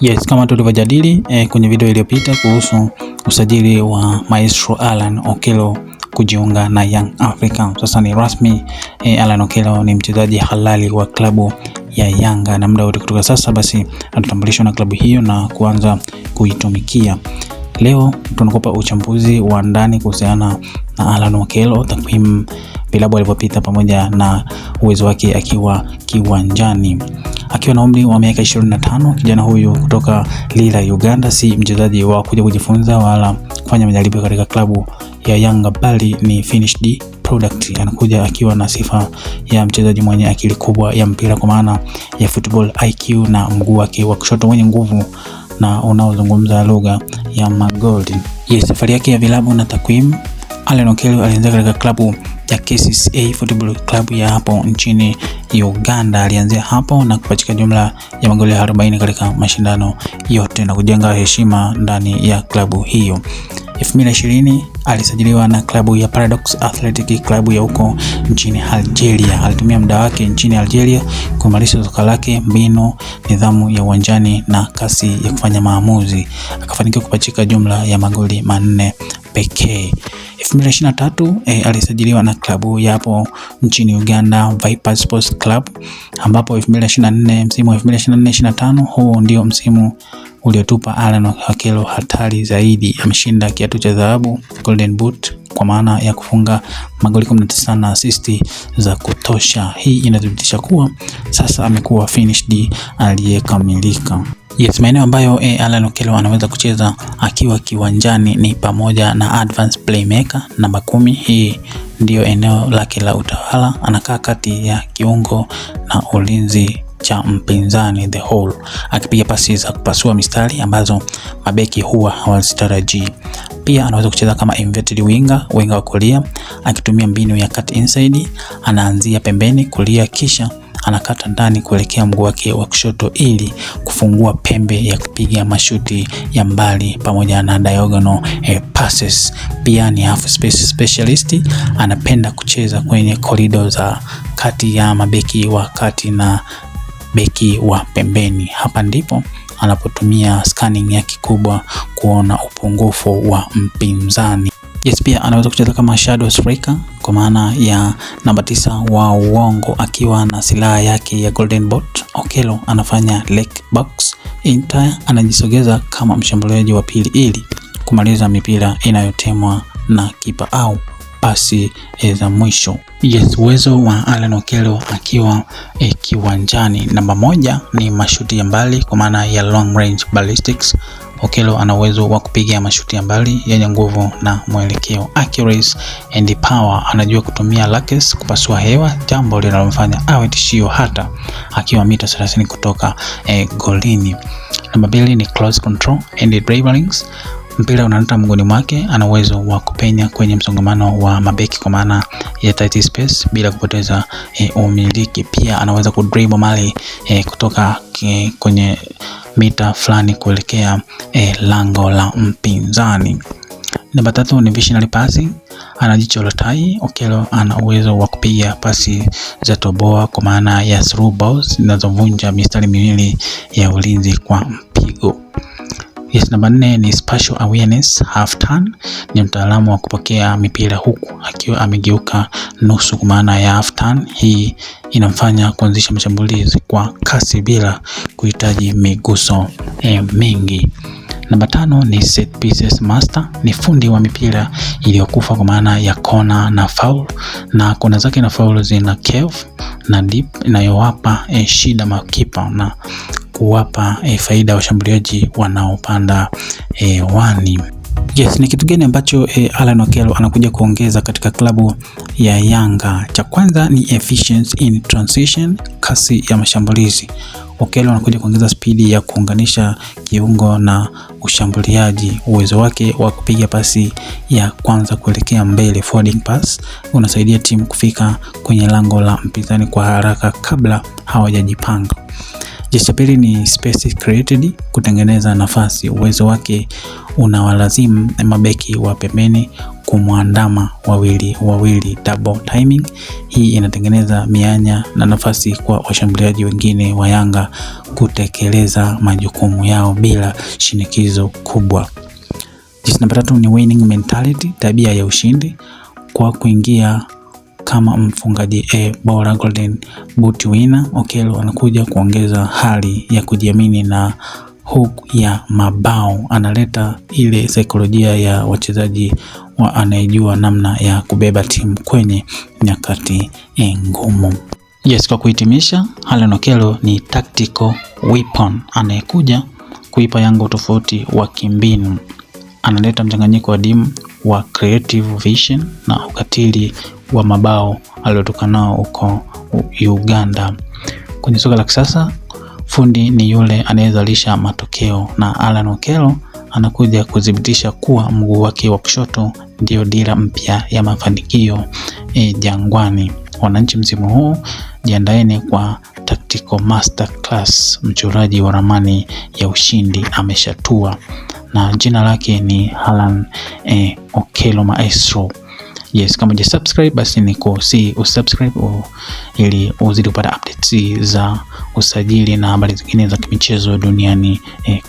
Yes, kama tulivyojadili eh, kwenye video iliyopita kuhusu usajili wa Maestro Alan Okello kujiunga na Young Africa. Sasa ni rasmi eh, Alan Okello ni mchezaji halali wa klabu ya Yanga na muda wote kutoka sasa basi atatambulishwa na klabu hiyo na kuanza kuitumikia. Leo tunakupa uchambuzi wa ndani kuhusiana na Alan Okello, takwimu, vilabu alivyopita pamoja na uwezo wake akiwa kiwanjani akiwa na umri wa miaka 25. Kijana huyu kutoka Lila, Uganda, si mchezaji wa kuja kujifunza wala kufanya majaribio katika klabu ya Yanga, bali ni finished product. Anakuja akiwa na sifa ya mchezaji mwenye akili kubwa ya mpira kwa maana ya football IQ na mguu wake wa kushoto mwenye nguvu na unaozungumza lugha ya magoli. Yes, safari yake ya vilabu na takwimu Allen Okello alianza katika klabu ya KCCA Football Club ya hapo nchini Uganda. Alianzia hapo na kupachika jumla ya magoli 40 katika mashindano yote na kujenga heshima ndani ya klabu hiyo. 2020 alisajiliwa na klabu ya Paradox Athletic, klabu ya huko nchini Algeria. Alitumia muda wake nchini Algeria kuimarisha soka lake, mbinu, nidhamu ya uwanjani na kasi ya kufanya maamuzi. Akafanikiwa kupachika jumla ya magoli manne pekee. 2023 eh, alisajiliwa na klabu yapo nchini Uganda Vipers Sports Club, ambapo 2024 msimu 2024 25 huu ndio msimu uliotupa Alan Okello hatari zaidi. Ameshinda kiatu cha dhahabu Golden Boot kwa maana ya kufunga magoli 19 na asisti za kutosha. Hii inathibitisha kuwa sasa amekuwa finished aliyekamilika. Yes, maeneo ambayo e, Alan Okello anaweza kucheza akiwa kiwanjani ni pamoja na advanced playmaker namba kumi. Hii ndiyo eneo lake la utawala, anakaa kati ya kiungo na ulinzi cha mpinzani the whole, akipiga pasi za kupasua mistari ambazo mabeki huwa hawazitarajii. Pia anaweza kucheza kama inverted winger, winga wa kulia, akitumia mbinu ya cut inside, anaanzia pembeni kulia kisha anakata ndani kuelekea mguu wake wa kushoto ili kufungua pembe ya kupiga mashuti ya mbali pamoja na diagonal eh, passes. Pia ni half space specialist, anapenda kucheza kwenye korido za kati ya mabeki wa kati na beki wa pembeni. Hapa ndipo anapotumia scanning yake kubwa kuona upungufu wa mpinzani. Yes, pia anaweza kucheza kama shadow striker kwa maana ya namba tisa wa uongo akiwa na silaha yake ya golden bot. Okelo anafanya leg box, Inter anajisogeza kama mshambuliaji wa pili ili kumaliza mipira inayotemwa na kipa au pasi za mwisho. Yes, uwezo wa Alan okelo akiwa e, kiwanjani. Namba moja ni mashuti ya mbali kwa maana ya long range ballistics. Okello ana uwezo wa kupiga mashuti ya mbali yenye nguvu na mwelekeo, accuracy and power. Anajua kutumia lakes kupasua hewa, jambo linalomfanya awe tishio hata akiwa mita 30 kutoka eh, golini. Namba mbili ni close control and dribblings mpira unaleta mgoni mwake, ana uwezo wa kupenya kwenye msongamano wa mabeki kwa maana ya tight space bila kupoteza e, umiliki. Pia anaweza kudribble mali e, eh, kutoka e, kwenye mita fulani kuelekea e, lango la mpinzani. Namba tatu ni visionary passing. Ana jicho la tai. Okelo ana uwezo wa kupiga pasi za toboa kwa maana ya through balls zinazovunja mistari miwili ya ulinzi kwa Yes, namba nne ni special awareness half turn, ni mtaalamu wa kupokea mipira huku akiwa amegeuka nusu kwa maana ya half turn. Hii inamfanya kuanzisha mashambulizi kwa kasi bila kuhitaji miguso eh, mingi. Namba tano ni set pieces master, ni fundi wa mipira iliyokufa kwa maana ya kona na foul, na kona zake na foul zina curve na deep inayowapa eh, shida makipa na kuwapa e, faida washambuliaji wanaopanda e, wani. Yes, ni kitu gani ambacho e, Alan Okello anakuja kuongeza katika klabu ya Yanga? Cha kwanza ni efficiency in transition, kasi ya mashambulizi. Okello anakuja kuongeza spidi ya kuunganisha kiungo na ushambuliaji. Uwezo wake wa kupiga pasi ya kwanza kuelekea mbele, forwarding pass, unasaidia timu kufika kwenye lango la mpinzani kwa haraka kabla hawajajipanga. Jeshi pili ni space created, kutengeneza nafasi. Uwezo wake unawalazimu mabeki wa pembeni kumwandama wawili wawili, double timing. Hii inatengeneza mianya na nafasi kwa washambuliaji wengine wa Yanga kutekeleza majukumu yao bila shinikizo kubwa. Jeshi namba tatu ni winning mentality, tabia ya ushindi kwa kuingia kama mfungaji A bora Golden Boot winner. Okello anakuja kuongeza hali ya kujiamini na hook ya mabao, analeta ile saikolojia ya wachezaji wa anayejua namna ya kubeba timu kwenye nyakati ngumu. Yes, kwa kuhitimisha, Hellen Okello ni tactical weapon anayekuja kuipa Yanga utofauti wa kimbinu, analeta mchanganyiko wa dimu wa Creative Vision na ukatili wa mabao aliyotokanao huko Uganda. Kwenye soka la kisasa, fundi ni yule anayezalisha matokeo na Alan Okello anakuja kuthibitisha kuwa mguu wake wa kushoto ndiyo dira mpya ya mafanikio e, Jangwani. Wananchi, msimu huu jiandaeni kwa Tactical Masterclass, mchoraji wa ramani ya ushindi ameshatua na jina lake ni Alan eh, Okelo Maestro. Yes, kama subscribe basi si usubscribe ili uzidi kupata updates za usajili na habari zingine za kimichezo duniani eh.